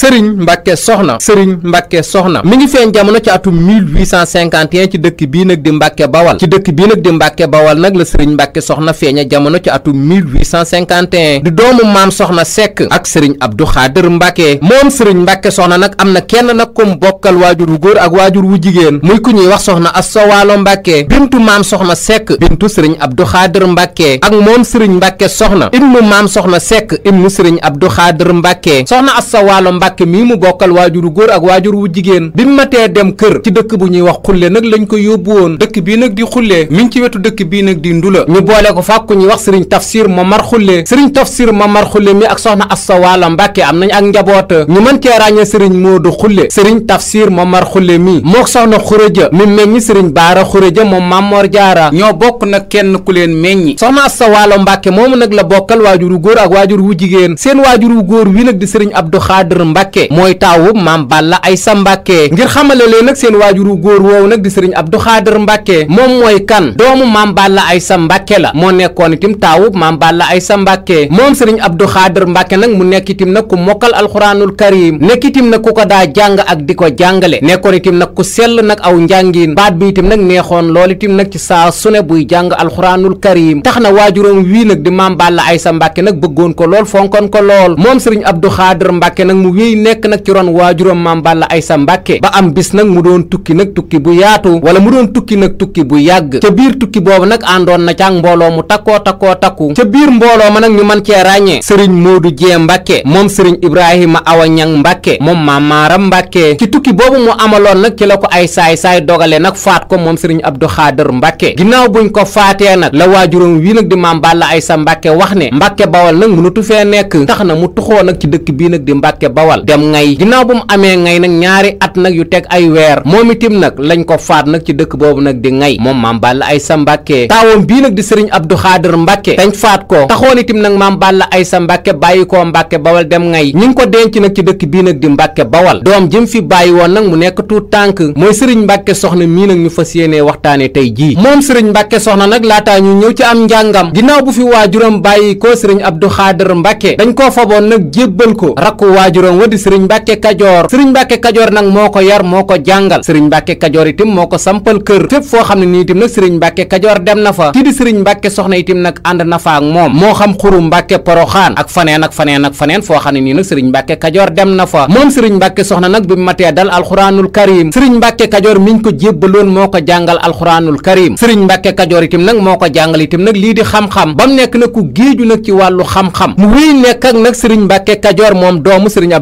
sëriñ mbàkke soxna sëriñ mbàkke soxna mu ngi feeñ jamono ci atum 1851 ci dëkk bii nag di mbàkke bawal ci dëkk bii nag di mbàkke bawal nag la sëriñ mbàkke soxna feeña jamono ci atum 1851 di doomu maam soxna sekk ak sëriñ abdu xaadir mbàkke moom sëriñ mbàkke soxna nag am na kenn nag kum bokkal waajur wu góor ak waajur wu jigéen muy ku ñuy wax soxna assowaalo mbàkke bintu maam soxna sekk bintu sëriñ abdu xaadir mbàkke ak moom sëriñ mbàkke soxna ibnu maam soxna sekk ibnu sëriñ abdu xaadir mbàkke soxna mbàkke mii mu bokkal waajuru góor ak waajur wu jigéen bi mu matee dem kër ci dëkk bu ñuy wax xulle nag lañ ko yóbbu woon dëkk bii nag di xulle mi ngi ci wetu dëkk bii nag di ndula ñu boole ko fàkku ñuy wax sëriñ tafsir mamar xulle sëriñ tafsir mamar xulle mi ak soxna Asta Wala Mbàkke am nañ ak njaboota ñu mën cee ràññee sëriñ Moodu xulle sëriñ tafsir mamar xulle mi mook soxna xuréja mi meññi sëriñ baara xuréja moom Mamor Jaara ñoo bokk nag kenn ku leen meññi soxna Asta Wala Mbàkke moomu nag la bokkal waajuru góor ak waajur wu jigéen seen waajuru góor wi nag di sëriñ Abdu Xaadir Mbàkke mooy taawub maam Balla Aysa Mbàkke ngir xamale leen nag seen waajuru góor woowu nag di sëriñ Abdou Xaadir Mbàkke moom mooy kan doomu maam Balla sa Mbàkke la moo nekkoon itim taawub maam ay sa Mbàkke moom sëriñ Abdou Xaadir Mbàkke nag mu nekk itim nag ku mokkal alxuraanul karim nekk itim nag ku ko daa jàng ak di ko jàngale nekkoon itim nag ku sell nag aw njàngin baat bi itim nag neexoon lool itim nag ci saa su ne buy jàng alxuraanul karim tax na waajuram wii nag di maam Balla Aysa Mbàkke nag bëggoon ko lool Mbàkke mii nekk nag ci ron waajuram maam Balla Aysa Mbàkke ba am bis nag mu doon tukki nag tukki bu yaatu wala mu tukki nag tukki bu yàgg ca biir tukki boobu nag àndoon na ca ak mbooloo mu takkoo takkoo takku ca biir mbooloo ma nag ñu mën cee ràññee sëriñ Moodu Jee Mbàkke moom sëriñ Ibrahima Awa Ñang Mbàkke moom maam Maaram Mbàkke ci tukki boobu mu amaloon nag ci la ko ay saay-saay dogale nag faat ko moom sëriñ Abdu Xaadir Mbàkke ginnaaw buñ ko faatee nag la waajuram wii nag di maam Balla Aysa Mbàkke wax ne Mbàkke Bawal nag mënatu fee nekk tax na mu tuxoo nag ci dëkk bii nag di Mbàkke Bawal Joal dem ngay ginnaaw bu mu amee ngay nag ñaari at nag yu teg ay weer moom itim nag lañ ko faat nag ci dëkk boobu nag di ngay moom maam Balla Aysa Mbàkke taawoom bii nag di sëriñ Abdou Xaadir Mbàkke dañ faat ko taxoon itim nag maam Balla Aysa Mbàkke bàyyi koo Mbàkke Bawal dem ngay ñi ngi ko denc nag ci dëkk bii nag di Mbàkke Bawal doom jëm fi bàyyi woon nag mu nekk tuut tànk mooy sëriñ Mbàkke soxna mii nag ñu fas yéenee waxtaane tey jii moom sëriñ Mbàkke soxna nag laataa ñu ñëw ci am njàngam ginnaaw bu fi waajuram bàyyi koo sëriñ Abdou Xaadir Mbàkke dañ koo faboon nag jébbal ko rakku waajuram moo di sëriñ mbàkke kajoor sëriñ mbàkke kajoor nag moo ko yar moo ko jàngal sëriñ mbàkke kajoor itim moo ko sampal kër fépp foo xam ne ni itim nag sëriñ mbàkke kajoor dem na fa kii di sëriñ mbàkke soxna itim nag ànd na fa ak moom moo xam xuru mbàkke poroxaan ak faneen kajoor dem na fa moom sëriñ mbàkke soxna nag bi matee dal alxuraanul karim sëriñ mbàkke kajoor miñ ko jébbaloon moo ko jàngal alxuraanul karim sëriñ mbàkke kajoor itim nag moo ko jàngal itim nag lii di xam-xam bam nekk nag ku géeju ci wàllu xam-xam mu wéy nekk ak nag sëriñ mbàkke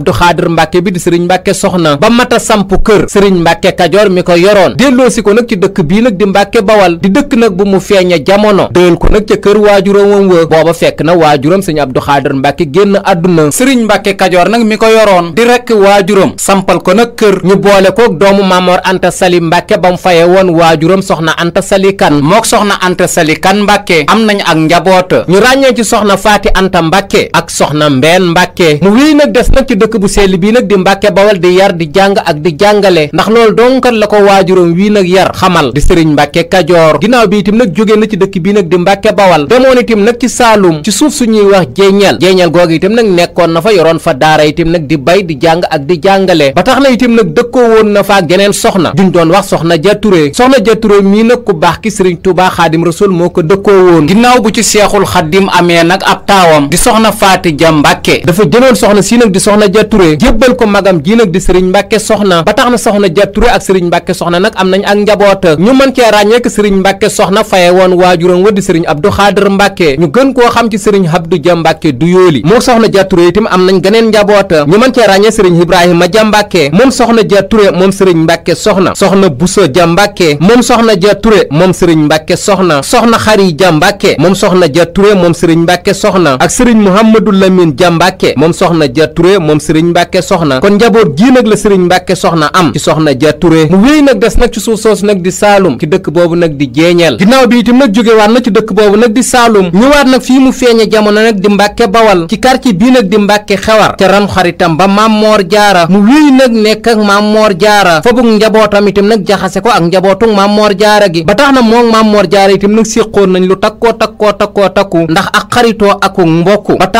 Abdou Xaadir Mbàkke bi di sëriñ Mbàkke soxna ba mata samp kër sëriñ Mbàkke Kajoor mi ko yoroon delloosi ko nag ci dëkk bii nag di Mbàkke Bawal di dëkk nag bu mu feeña jamono dël ko nag ca kër waajuram wa booba fekk na waajuram sëriñ Abdou Xaadir Mbàkke génn àdduna sëriñ Mbàkke Kajoor nag mi ko yoroon di rekk waajuram sampal ko nag kër ñu boole kook doomu Maamoor Anta Sali Mbàkke ba mu faye woon waajuram soxna Anta Sali Kan mook soxna Anta Sali Kan Mbàkke am nañu ak njaboota ñu ràññee ci soxna Faati Anta Mbàkke ak soxna Mbeen Mbàkke mu wéy nag des nag ci dëkk bu sell bii nag di mbàkke bawal di yar di jàng ak di jàngale ndax loolu donkat la ko waajuram wii nag yar xamal di sëriñ mbàkke kajoor ginnaaw bi nag jóge na ci dëkk bii nag di mbàkke bawal demoon itam nag ci saalum ci suuf suñuy wax jéeñeel jéeñeel googu itam nag nekkoon na fa yoroon fa daara itam nag di bay di jàng ak di jàngale ba tax na itam nag dëkkoo woon na fa ak geneen soxna juñ doon wax soxna ja Touré soxna ja Touré mii nag ku baax ki sëriñ Tuubaa xaadim rasul moo ko dëkkoo woon ginnaaw bu ci seexul xaadim amee nag ab taawam di soxna faati ja mbàkke dafa jëloon soxna si nag di soxna ja Touré jébbal ko magam ji nag di sëriñ Mbàkke soxna ba tax na soxna ja Touré ak sëriñ Mbàkke soxna nag am nañ ak njaboot ñu mën cee ràññeek sëriñ Mbàkke soxna faye woon waajuram wa di sëriñ Abdu Xaadir Mbàkke ñu gën koo xam ci sëriñ Abdu Ja Mbàkke du yooli moo soxna ja Touré itam am nañ geneen njaboot ñu mën cee ràññee sëriñ Ibrahima ja Mbàkke moom soxna ja Touré moom sëriñ Mbàkke soxna soxna Buso ja Mbàkke moom soxna ja Touré moom sëriñ Mbàkke soxna soxna Xari ja Mbàkke moom soxna ja Touré moom sëriñ Mbàkke soxna ak sëriñ Muhammadu Lamin ja Mbàkke moom soxna ja Touré moom sëriñ mbàkke soxna kon njaboot gii nag la sëriñ mbàkke soxna am ci soxna ja Touré mu wéy nag des nag ci suuf soosu nag di saalum ci dëkk boobu nag di jeeñeel ginnaaw bi itam nag jógewaat na ci dëkk boobu nag di saalum ñëwaat nag fii mu feeñe jamono nag di mbàkke bawal ci quartier bii nag di mbàkke xewar ca ran xaritam ba maam moor jaara mu wéy nag nekk ak maam moor jaara fabug njabootam itam nag jaxase ko ak njabootug maam moor jaara gi ba tax na moom maam moor jaara itam nag séqoon lu takkoo takkoo takkoo takku ndax ak xaritoo akuk mbokk ba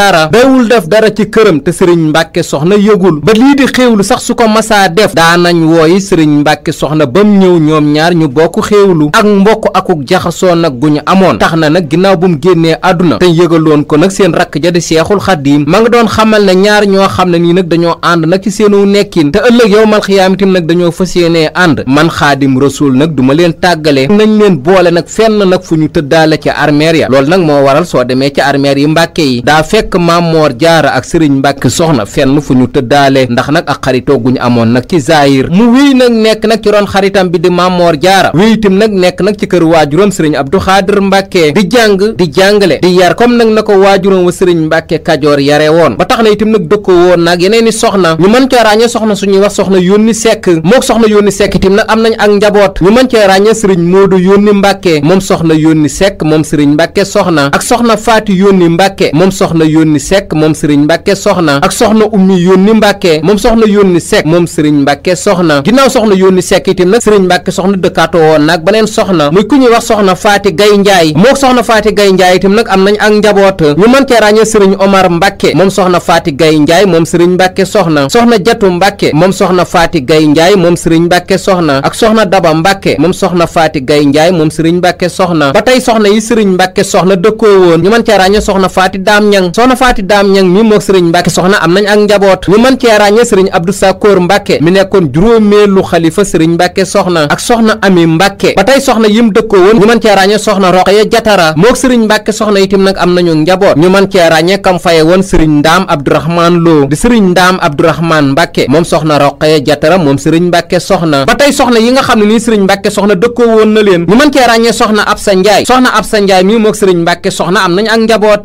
jaara dawul def dara ci këram te sëriñ mbàkke soxna yëgul ba lii di xéew lu sax su ko masaa def daanañ wooyi sëriñ mbàkke soxna ba mu ñëw ñoom ñaar ñu bokk xéewlu ak mbokk akuk jaxasoo nag gu ñu amoon tax na nag ginnaaw bu mu génnee àdduna te yëgaloon ko nag seen rakk ja di seexul xaddiim ma nga doon xamal na ñaar ñoo xam ne nii nag dañoo ànd nag ci seenu nekkin te ëllëg yow mal xiyaamitim nag dañoo fas yéenee ànd man xaadim rasuul nag duma leen tàggale nañ leen boole nag fenn nag fu ñu tëddaale ci armeer ya loolu nag moo fekk maam Mor Jaara ak Serigne Mbàkke soxna fenn fu ñu tëddaale ndax nag ak xaritoo gu ñu amoon nag ci zaayir mu wéy nag nekk nag ci ron xaritam bi di maam Mor Jaara wéy itam nag nekk nag ci kër waajuram Serigne Abdou Xaadir Mbàkke di jàng di jàngale di yar comme nag na ko waajuram wa Serigne Mbàkke Kajoor yare woon ba tax na itam nag dëkkoo woon nag yeneen i soxna ñu mën cee ràññee soxna suñuy wax soxna yónni sekk mook soxna yónni sekk itam nag am nañ ak njaboot ñu mën cee ràññee Serigne Moodu yónni Mbàkke moom soxna yónni sekk moom Serigne Mbàkke soxna ak soxna Faati yónni Mbàkke moom soxna yónni sekk moom sëriñ mbàkke soxna ak soxna ummi yónni mbàkke moom soxna yónni sekk moom sëriñ mbàkke soxna ginnaaw soxna yónni sekk itam nag sëriñ mbàkke soxna dëkkaatoo woon nag beneen soxna muy ku ñuy wax soxna faati gay njaay moo soxna faati gay njaay itam nag am nañ ak njaboot ñu mën cee ràññee sëriñ moom faati gay njaay moom sëriñ mbàkke soxna soxna ak soxna daba mbàkke moom soxna faati gay njaay moom sëriñ mbàkke soxna ba tey soxna yi sëriñ mbàkke soxna dëkkoo ñu mën cee ràññee soxna faati daam ñang soxna faati daam ñang mi mook sëriñ mbàkke soxna am nañ ak njaboot ñu mën cee ràññee sëriñ abdu sakóor mbàkke mi nekkoon juróomeelu xalifa sëriñ mbàkke soxna ak soxna ami mbàkke ba tey soxna yim dëkkoo woon ñu mën cee ràññee soxna roqaya jatara mook sëriñ mbàkke soxna itim nag am nañu njaboot ñu mën cee ràññee kam faye woon sëriñ ndaam abdourahmaan loo di sëriñ ndaam abdourahmaan mbàkke moom soxna roqaya sa moom sëriñ mbàkke soxna ba tey soxna yi nga xam ne nii sëriñ mbàkke soxna dëkkoo na leen ñu mën cee ràññee soxna absa njaay soxna absa njaay mi mook sëriñ mbàkke soxna am nañ ak njaboot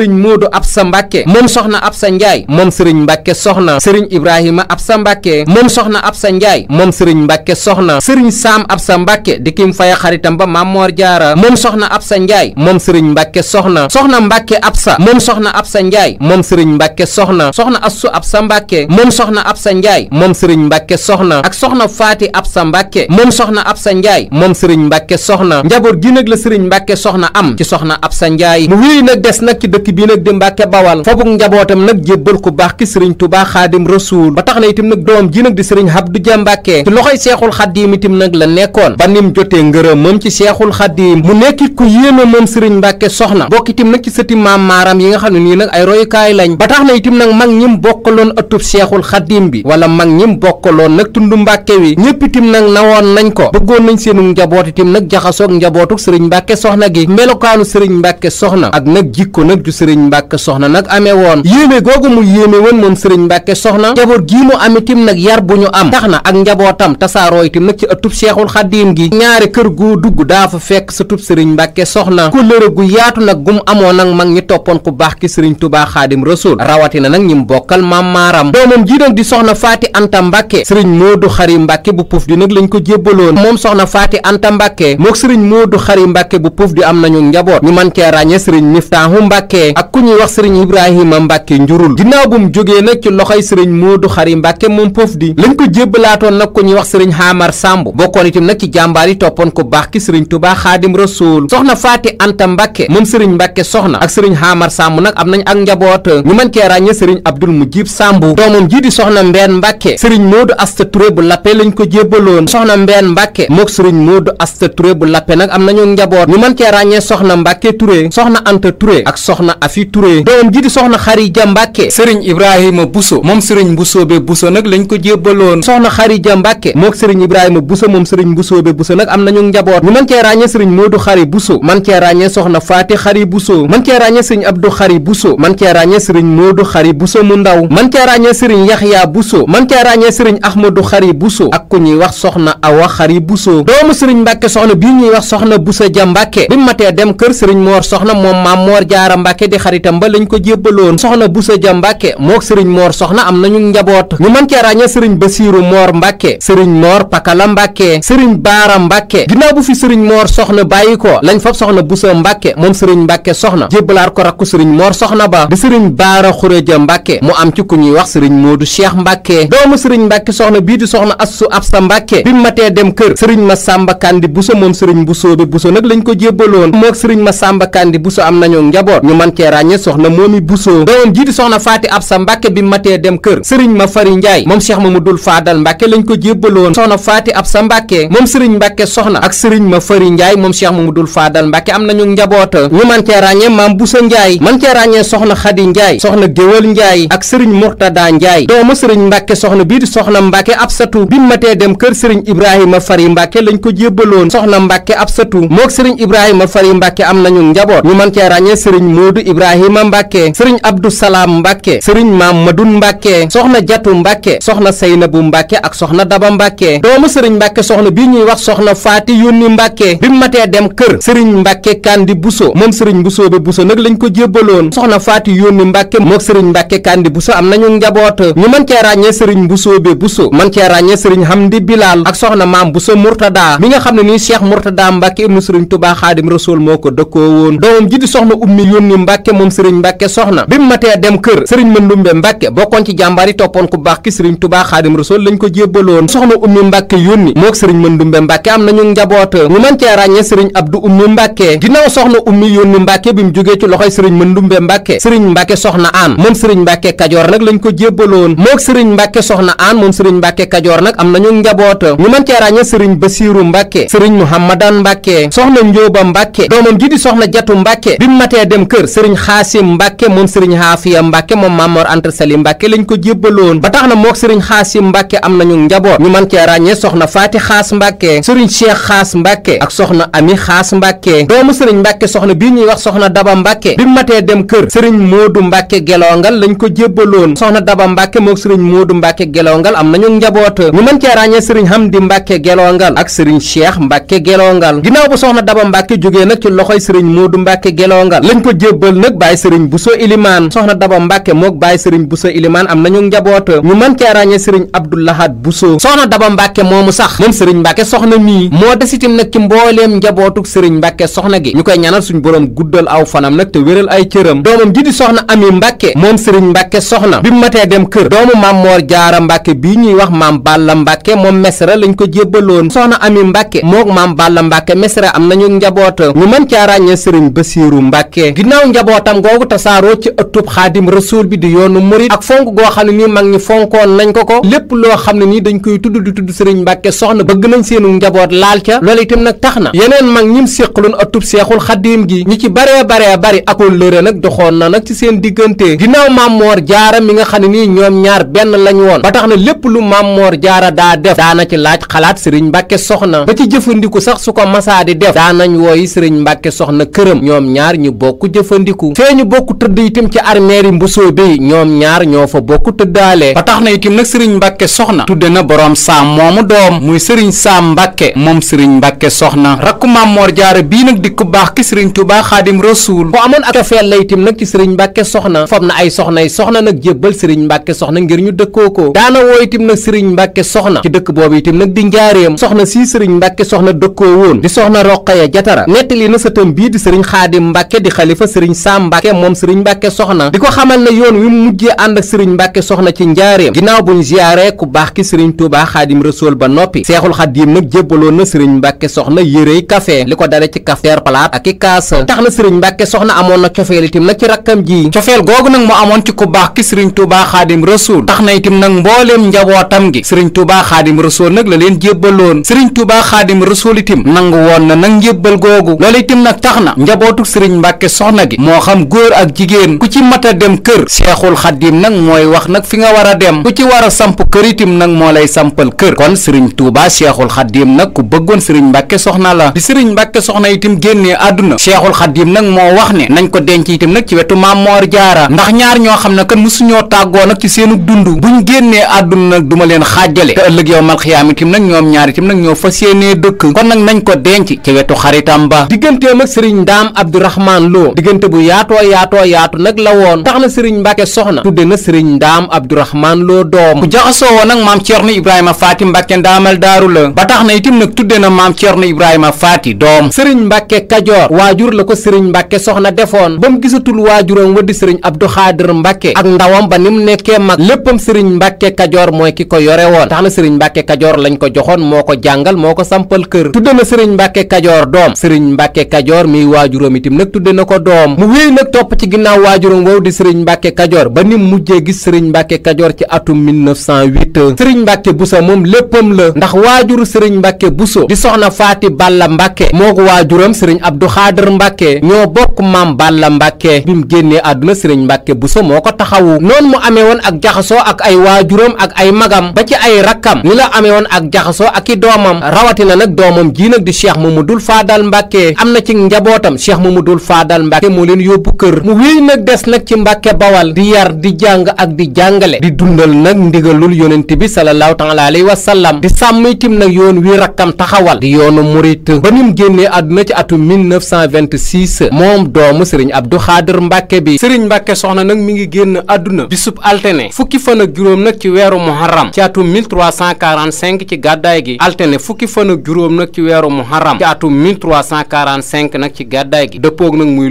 sëriñ Modou Absa Mbacke moom soxna Absa Ndiaye moom sëriñ Mbacke soxna sëriñ Ibrahima Absa Mbacke moom soxna Absa Ndiaye moom sëriñ Mbacke soxna sëriñ Sam Absa Mbacke di kim faya xaritam ba Mamor Diarra moom soxna Absa Ndiaye moom sëriñ Mbacke soxna soxna Mbacke Absa moom soxna Absa Ndiaye moom sëriñ Mbacke soxna soxna Assu Absa Mbacke moom soxna Absa Ndiaye moom sëriñ Mbacke soxna ak soxna Faati Absa Mbacke moom soxna Absa Ndiaye moom sëriñ Mbacke soxna njaboot gi nag la sëriñ Mbacke soxna am ci soxna Absa Ndiaye mu wéy nag des nag ci dëkk dëkk bi nag di Mbàkke Bawal fabuk njabootam nag jébbal ku baax ki sëriñ Tuubaa Rasuul ba tax na itam nag doom ji nag di sëriñ Abdu Ja Mbàkke ci loxoy Seexul Xaadim itam nag la nekkoon ba nim jotee ngërëmam ci Seexul Xaadim mu nekkit ku yéeme moom sëriñ Mbàkke soxna bokk itam nag ci sëti maam maaram yi nga xam ne nii nag ay royukaay lañ ba tax na itam nag mag ñim bokkaloon ëttub Seexul Xaadim bi wala mag ñim bokkaloon nag tundu Mbàkke wi ñëpp itam nag nawoon nañ ko bëggoon nañ seenu njaboot itam nag jaxasoog njabootuk sëriñ Mbàkke soxna gi melokaanu sëriñ Mbàkke soxna ak sëriñ mbàkke soxna nag amee woon yéeme googu mu yéeme woon moom sëriñ mbàkke soxna njaboot gii mu am itam nag yar bu ñu am tax na ak njabootam tasaaroo itam nag ci ëttub seexul xaddiim gi ñaari kër gu dugg daa fa fekk sa tub sëriñ mbàkke soxna ku lëre gu yaatu nag gum amoon nag mag ñi toppoon ku baax ki sëriñ tubaa xaadim rasul rawatina nag ñi mu bokkal maam maaram doomam jii nag di soxna faati anta mbàkke sëriñ moodu xari mbàkke bu puf di nag lañ ko jébbaloon moom soxna faati anta mbàkke mook sëriñ moodu xari mbàkke bu puf di am nañu ñu man cee ràññe Mbacke ak ku ñuy wax sëriñ Ibrahima Mbacke njurul ginnaaw bu mu jógee nag ci loxoy sëriñ Modou Xari Mbacke moom poof di lañ ko jébbalaatoon nag ku ñuy wax sëriñ Xaamar Samb bokkoon itam nag ci jàmbaar yi toppoon ko baax ki sëriñ Touba Xaadim Rasoul soxna Faati Anta Mbacke moom sëriñ Mbacke soxna ak sëriñ Xaamar Samb nag am nañ ak njaboot ñu mën cee ràññe sëriñ Abdul Mujib Samb doomam jii di soxna Mbeen Mbacke sëriñ Modou Asta Touré bu lappe lañ ko jébbaloon soxna Mbeen Mbacke mook sëriñ Modou Asta Touré bu lappe nag am nañu njaboot ñu mën cee ràññee soxna Mbacke Touré soxna Anta Touré ak soxna Afi Touré doom ji di soxna Xarija Mbàkke sëriñ Ibrahima Bousso moom sëriñ Mbusoobe Bousso nag lañ ko jébbaloon soxna Xarija Mbàkke mook sëriñ Ibrahima Bousso moom sëriñ Mbusoobe Bousso nag am nañu njaboot ñu mën cee ràññee sëriñ Moodu Xari Bousso man cee ràññee soxna Faati Xari Bousso man cee ràññee sëriñ Abdu Xari Bousso man cee ràññee sëriñ Moodu Xari Bousso mu ndaw man cee ràññee sëriñ Yaxya Bousso man cee ràññee sëriñ Ahmadu Xari Bousso ak ku ñuy wax soxna Awa Xari Bousso doomu sëriñ Mbàkke soxna bii ñuy wax soxna Bousso Ja Mbàkke bi matee dem kër sëriñ Moor soxna moom Maam Moor Jaara Mbàkke di xaritam ba lañ ko jébbaloon soxna Busa Ja Mbàkke mook sëriñ Moor soxna am nañu njaboot ñu mën cee ràññee sëriñ Basiiru Moor Mbàkke sëriñ Moor Pakala Mbàkke sëriñ Baara Mbàkke ginnaaw bu fi sëriñ Moor soxna bàyyi ko lañ fab soxna Busa Mbàkke moom sëriñ Mbàkke soxna jébbalaat ko rakku sëriñ Moor soxna ba di sëriñ Baara Xureja Mbàkke mu am ci ku ñuy wax sëriñ Moodu Cheikh Mbàkke doomu sëriñ Mbàkke soxna bii di soxna Assu sa Mbàkke bi matee dem kër sëriñ Masamba Kandi Busa moom sëriñ Busoobe Busa nag lañ ko jébbaloon mook sëriñ Masamba Kandi Busa am nañu njaboot ñu mën cee ràññe soxna moomi busoo doomam jii di soxna faati absa mbàkke bi matee dem kër sëriñ ma fari njaay moom cheikh mamadul faadal mbàkke lañ ko jébbaloon soxna faati absa mbàkke moom sëriñ mbàkke soxna ak sëriñ ma fari njaay moom cheikh mamadul faadal mbàkke am nañu njaboota ñu man cee ràññe maam busa njaay man cee ràññe soxna xadi njaay soxna géwal njaay ak sëriñ murtada njaay doomu sëriñ mbàkke soxna bii di soxna mbàkke absatu bi matee dem kër sëriñ ibrahima fari mbàkke lañ ko jébbaloon soxna mbàkke absatu mook sëriñ ibrahima fari mbàkke am nañu njaboot ñu man cee ràññe sëriñ moodu Ibrahima Mbacke sëriñ Abdou Salaam Mbacke sëriñ Mamadun Mbacke soxna Jatu Mbacke soxna bu Mbacke ak soxna Daba Mbacke doomu sëriñ Mbacke soxna bii ñuy wax soxna Faati Yónni Mbacke bi mu matee dem kër sëriñ Mbacke Kandi Buso moom sëriñ Buso bi Buso nag lañ ko jébbaloon soxna Faati Yónni Mbacke mook sëriñ Mbacke Kandi Buso am nañu njaboot ñu mën cee ràññee sëriñ Buso bi Buso man cee ràññee sëriñ Hamdi Bilal ak soxna Maam Buso Murtada mi nga xam ne nii Cheikh Murtada Mbacke ibnu sëriñ Tuubaa Xaadim Rasuul moo ko dëkkoo woon doomam ji di soxna Ummi Yónni Mbàkke moom sëriñ Mbàkke soxna bi mu matee dem kër sëriñ Mandumbe Mbàkke bokkoon ci jàmbaar yi toppoon ku baax ki sëriñ Tubaa Xaadim Rasuul lañ ko jébbaloon soxna ummi Mbàkke yónni mook sëriñ Mandumbe Mbàkke am nañu njaboot ñu mën cee ràññee sëriñ Abdu ummi Mbàkke ginnaaw soxna ummi yónni Mbàkke bi mu jógee ci loxoy sëriñ Mandumbe Mbàkke sëriñ Mbàkke soxna aan moom sëriñ Mbàkke Kajoor nag lañ ko jébbaloon mook sëriñ Mbàkke soxna aan moom sëriñ Mbàkke Kajoor nag am nañu njaboot ñu mën cee ràññee sëriñ Basiiru Mbàkke sëriñ Muhammadan Mbàkke soxna Njóoba Mbàkke doomam ji di soxna Jatu Mbàkke bi mu matee dem sëriñ xaasim mbàkke moom sëriñ xaafiya mbàkke moom mamor anta sali mbàkke lañ ko jébbaloon ba tax na mook sëriñ xaasim mbàkke am nañu njaboot ñu man cee ràññee soxna faati xaas mbàkke sëriñ cheikh xaas mbàkke ak soxna ami xaas mbàkke doomu sëriñ mbàkke soxna bii ñuy wax soxna daba mbàkke bi matee dem kër sëriñ moodu mbàkke gelongal lañ ko jébbaloon soxna daba mbàkke mook sëriñ moodu mbàkke gelongal am nañu njaboot ñu man cee ràññee sëriñ hamdi mbàkke gelongal ak sëriñ cheikh mbàkke gelongal ginnaaw bu soxna daba mbàkke jógee nag ci loxoy sëriñ moodu mbàkke gelongal lañ ko jébbal loolu nag Baye Serigne Bousso Ilimane soxna Daba Mbacke mook Baye Serigne Bousso Ilimane am nañu njaboot ñu mën cee ràññee Serigne Abdou Lahad Bousso soxna Daba Mbacke moomu sax moom Serigne Mbacke soxna mii moo des itam nag ci mbooleem njabootuk Serigne Mbacke soxna gi ñu koy ñaanal suñu borom guddal aw fanam nag te wéral ay cëram doomam ji di soxna Ami Mbacke moom Serigne Mbacke soxna bi mu matee dem kër doomu maam Moor Jaara Mbacke bii ñuy wax maam Balla Mbacke moom mesra lañ ko jébbaloon soxna Ami Mbacke mook maam Balla Mbacke mesra am nañu njaboot ñu mën cee ràññee Serigne Bassirou Mbacke njabootam googu tasaaroo ci ëttub xaadim rasuul bi di yoonu murit ak fonk goo xam ñi fonkoon nañ ko ko lépp loo xam ne nii dañ koy tudd di tudd sëriñ mbàkke soxna bëgg nañ seenu njaboot laal ca loolu itam tax na yeneen mag ñim séqaloon ëttub seexul xaadim gi ñi ci baree baree bari akoon lëre nag doxoon na nag ci seen diggante ginnaaw Mammoor Jaara mi nga xam ne nii ñoom ñaar benn lañ woon ba tax na lépp lu Mammoor Jaara daa def daana ci laaj xalaat sëriñ mbàkke soxna ba ci jëfandiku sax su ko masaa di def daanañ wooyi sëriñ mbàkke soxna këram ñoom ñaar ñu bokk jëfandiku sukkandiku fee ñu bokk tëdd itam ci armeeri mbusoo bi ñoom ñaar ñoo fa bokk tëddaale ba tax na itam nag sëriñ mbàkke soxna tudde na boroom saam moomu doom muy sëriñ saam mbàkke moom sëriñ mbàkke soxna rakku maam moor jaara bii nag di ku baax ki sëriñ tubaa xaadim rasuul ko amoon ak cofeel la itam nag ci sëriñ mbàkke soxna fab na ay soxnay soxna nag jébbal sëriñ mbàkke soxna ngir ñu dëkkoo ko daana woo itam nag sëriñ mbàkke soxna ci dëkk boobu itam nag di njaareem soxna sii sëriñ mbàkke soxna Sam Mbàkke moom sëriñ Mbàkke soxna di ko xamal ne yoon wi mujjee ànd ak sëriñ Mbàkke soxna ci njaareem ginnaaw buñ ziyaare ku baax ki sëriñ Tuubaa Xaadim Rasuul ba noppi Seexul Xaadim nag jébbaloon na sëriñ Mbàkke soxna yérey café li ko dale ci cafetière palaat ak i kaas tax na sëriñ Mbàkke soxna amoon na cofeel itam nag ci rakkam ji cofeel googu nag mu amoon ci ku baax ki sëriñ Tuubaa Xaadim Rasuul tax na itam nag mbooleem njabootam gi sëriñ Tuubaa Xaadim Rasuul nag la leen jébbaloon sëriñ Tuubaa Xaadim Rasuul itam nangu woon na nag njébbal googu loolu itam nag tax na njabootu sëriñ Mbàkke soxna gi moo xam góor ak jigéen ku ci mat a dem kër seexul xaddim nag mooy wax nag fi nga war a dem ku ci war a samp kër itim nag moo lay sampal kër kon sëriñ Touba seexul xaddim nag ku bëggoon sëriñ Mbàkke soxna la di sëriñ Mbàkke soxna itim génnee àdduna seexul xaddim nag moo wax ne nañ ko denc itim nag ci wetu maam Moor Jaara ndax ñaar ñoo xam ne kan musuñoo tàggoo nag ci seenu dund bu buñ génnee àdduna nag duma leen xaajale te ëllëg yow mal xiyaam itim nag ñaar itim nag ñoo fas yéenee dëkk kon nag nañ ko denc ci wetu lu yaatoo yaatoo yaatu nag la woon tax na sëriñ Mbacke soxna tudde na sëriñ ndaam Abdourahman Lo doom ku jaxasoo woon nag maam Thierno Ibrahima Faty Mbacke ndaamal daaru la ba tax na itam nag tudde na maam Thierno Ibrahima faati doom sëriñ Mbacke Kajoor waajur la ko sëriñ Mbacke soxna defoon ba mu gisatul waajuram waddi sëriñ Abdou Khadir Mbacke ak ndawam ba ni mu nekkee mag léppam sëriñ Mbacke Kajoor mooy ki ko yore woon tax na sëriñ Mbacke Kajoor lañ ko joxoon moo ko jàngal moo ko sampal kër tudde sëriñ Mbacke Kajoor doom sëriñ Mbacke Kajoor miy wéy nag topp ci ginnaaw waajuram wow di sëriñ mbàkke Kajoor ba ni mujjee gis sëriñ Mbacke Kajoor ci atum 1908 sëriñ Mbacke Bousso moom léppam la ndax waajuru sëriñ Mbacke Bousso di soxna Faati Balla Mbacke moo ko waajuram sëriñ Abdou Xaadir Mbacke ñoo bokk maam Balla Mbacke bi mu génnee àdduna sëriñ Mbacke Bousso moo ko taxawu noonu mu amee woon ak jaxasoo ak ay waajuram ak ay magam ba ci ay rakkam ni la amee woon ak jaxasoo ak i doomam rawatina nag doomam jii nag di Cheikh Mamadou Fadal Mbacke am na ci njabootam Cheikh Mamadou Fadal Mbacke leen yóbbu kër mu wéy nag des nag ci mbàkke bawal di yar di jàng ak di jàngale di dundal nag ndigalul yonent bi salallaahu taala alayhi wa sallam di sàmm itam nag yoon wi rakkam taxawal di yoonu murit ba nim génnee àdduna ci atum 1926 moom doomu sëriñ Abdou Xaadir Mbàkke bi sëriñ Mbàkke soxna nag mi ngi génn àdduna bisub altene fukki fan ak juróom nag ci weeru muharram ci atum 1345 ci gàddaay gi altene fukki fan ak juróom nag ci weeru muharram ci atum 1345 nag ci gàddaay gi dëppoog nag muy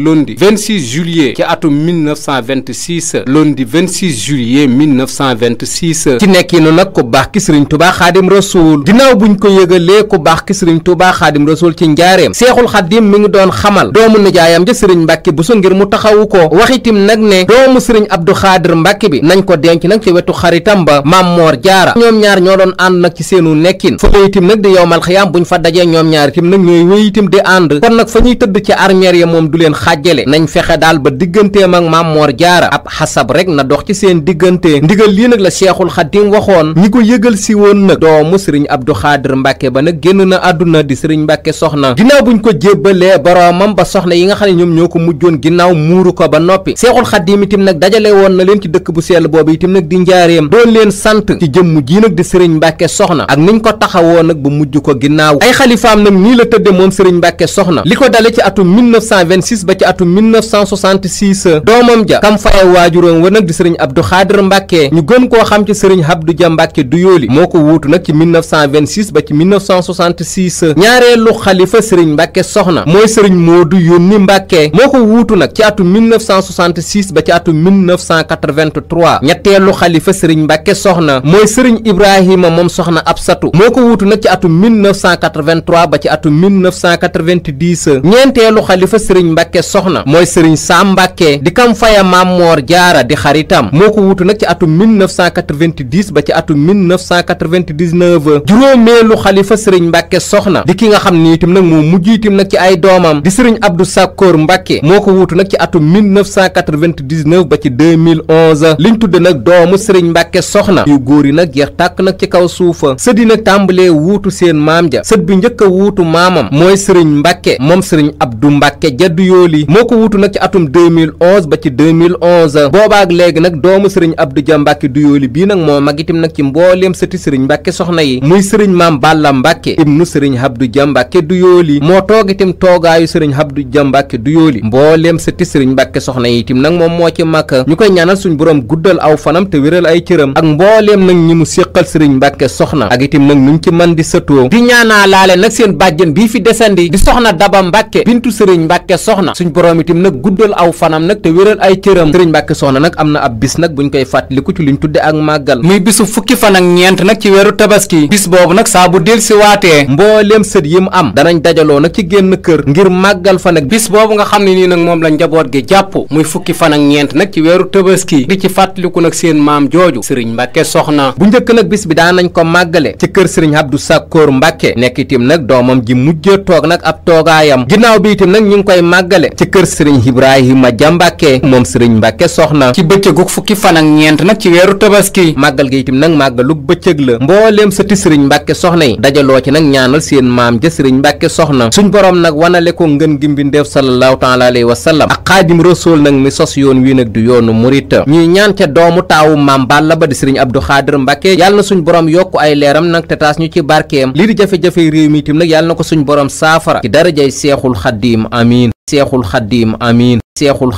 26 juillet ci atum 1926 lundi 26 juillet 1926 ci nekkinu nag ku baax ki sëriñ tubaa xaadim rasuul ginnaaw buñ ko yëgalee ku baax ki sëriñ tubaa xaadim rasuul ci njaareem seexul xaadim mi ngi doon xamal doomu nijaayam ja sëriñ mbàkke buso ngir mu taxawu ko waxitim nag ne doomu sëriñ abdu xaadir mbàkke bi nañ ko denc nag ci wetu xaritam ba maam moor jaara ñoom ñaar ñoo doon ànd nag ci seenu nekkin fu itim nag di yowmal xiyaam buñ fa dajee ñoom ñaar itim nag ñooy nañ fexe daal ba digganteem ak maam Mor Jaara ab xasab rek na dox ci seen diggante ndigal lii nag la Seexul Xadim waxoon ñi ko yëgal si woon nag doomu sëriñ Abdu Xaadir Mbàkke ba nag génn na àdduna di sëriñ Mbàkke soxna ginnaaw buñ ko jébbalee boroomam ba soxna yi nga xam ne ñoom ñoo ko mujjoon ginnaaw muuru ko ba noppi Seexul Xadim itam nag dajale woon na leen ci dëkk bu sell boobu itam nag di njaareem doon leen sant ci jëmm ji nag di sëriñ Mbàkke soxna ak niñ ko taxawoo nag bu mujj ko ginnaaw ay xalifaam nag nii la tëdde moom sëriñ Mbàkke soxna li ko dale ci atum 1926 ba ci atum 1966 doomam ja kam faye waajuroom wa nag di sëriñ Abdou Xaadir Mbàkke ñu gën koo xam ci sëriñ Abdou Ja Mbàkke du yooli moo ko wuutu nag ci 1926 ba ci 1966 ñaareelu xalifa sëriñ Mbàkke soxna mooy sëriñ Moodu Yónni Mbàkke moo ko wuutu nag ci atu ba ci atu 1983 ñetteelu xalifa sëriñ Mbàkke soxna mooy sëriñ Ibrahima moom soxna Absatu moo ko wuutu nag ci atu 1983 ba ci atu ñeenteelu xalifa sëriñ Mbàkke soxna mooy sëriñ Sam Mbàkke di kam faya maam Moor Jaara di xaritam moo ko wutu nag ci atum 1990 ba ci atum 1999 juróomeelu xalifa sëriñ Mbàkke soxna di ki nga xam ni itam nag moo mujj itam nag ci ay doomam di sëriñ Abdou Sakkoor Mbàkke moo ko wutu nag ci atum 1999 ba ci 2011 liñ tudde nag doomu sëriñ Mbàkke soxna yu góor yi nag jeex tàkk nag ci kaw suufa sët yi nag tàmbalee wuutu seen maam ja sët bi njëkk a wuutu maamam mooy sëriñ Mbàkke moom sëriñ Abdou Mbàkke jaddu yooli moo wuutu nag ci atum 2011 ba ci 2011 boobaak léegi nag doomu sëriñ Abdou Dia Mbacke Douyoly bii nag moo mag itam nag ci mbooleem sëti sëriñ Mbacke soxna yi muy sëriñ maam Balla Mbacke ibnu sëriñ Abdou Dia Mbacke Douyoly moo toog itam toogaayu sëriñ Abdou Dia Mbacke Douyoly mbooleem sëti sëriñ Mbacke soxna yi itam nag moom moo ci mag ñu koy ñaanal suñ borom guddal aw fanam te wéral ay cëram ak mbooleem nag ñi mu séqal sëriñ Mbacke soxna ak itam nag nuñ ci man di sëtoo di ñaanaa laale nag seen bàjjen bii fi desandi di soxna Daba Mbacke bintu sëriñ Mbacke soxna suñ borom itam ibrahim nag guddal aw fanam nag te wéral ay cëram sëriñ Mbàkke Soxna nag am na ab bis nag ñu koy fàttaliku ci luñ tudde ak màggal muy bisu fukki fan ñeent nag ci weeru tabaski bis boobu nag saa bu del si mbooleem sët yi mu am danañ dajaloo nag ci génn kër ngir màggal fa nag bis boobu nga xam ne nii nag moom la njaboot gi jàpp muy fukki fan ak ñeent nag ci weeru tabaski di ci fàttaliku nag seen maam jooju sëriñ Mbàkke Soxna bu njëkk nag bis bi daan nañ ko màggale ci kër sëriñ Abdou Sakkoor Mbàkke nekk itim nag doomam ji mujj toog nag ab toogaayam ginnaaw bi itim ñu ngi koy màggale ci kër sëriñ Ibrahima Dia Mbàkke moom sëriñ Mbàkke soxna ci bëccëguk fukki fan ak ñeent nag ci weeru tabaski màggal gi itam nag màggalug bëccëg la mbooleem sëti sëriñ Mbàkke soxna yi dajaloo ci nag ñaanal seen maam ja sëriñ Mbàkke soxna suñ boroom nag wanale ko ngën gi mbindeef sallallahu taala alayhi wa sallam ak xaadim rasool nag mi sos yoon wii nag di yoonu murit ñuy ñaan ca doomu taawu maam Balla ba di sëriñ Abdou Xaadir Mbàkke yàlla na suñ boroom yokku ay leeram nag te taas ñu ci barkeem lii di jafe mi itam nag yàlla ko suñ boroom saafara seexul xaddiim amiin seexul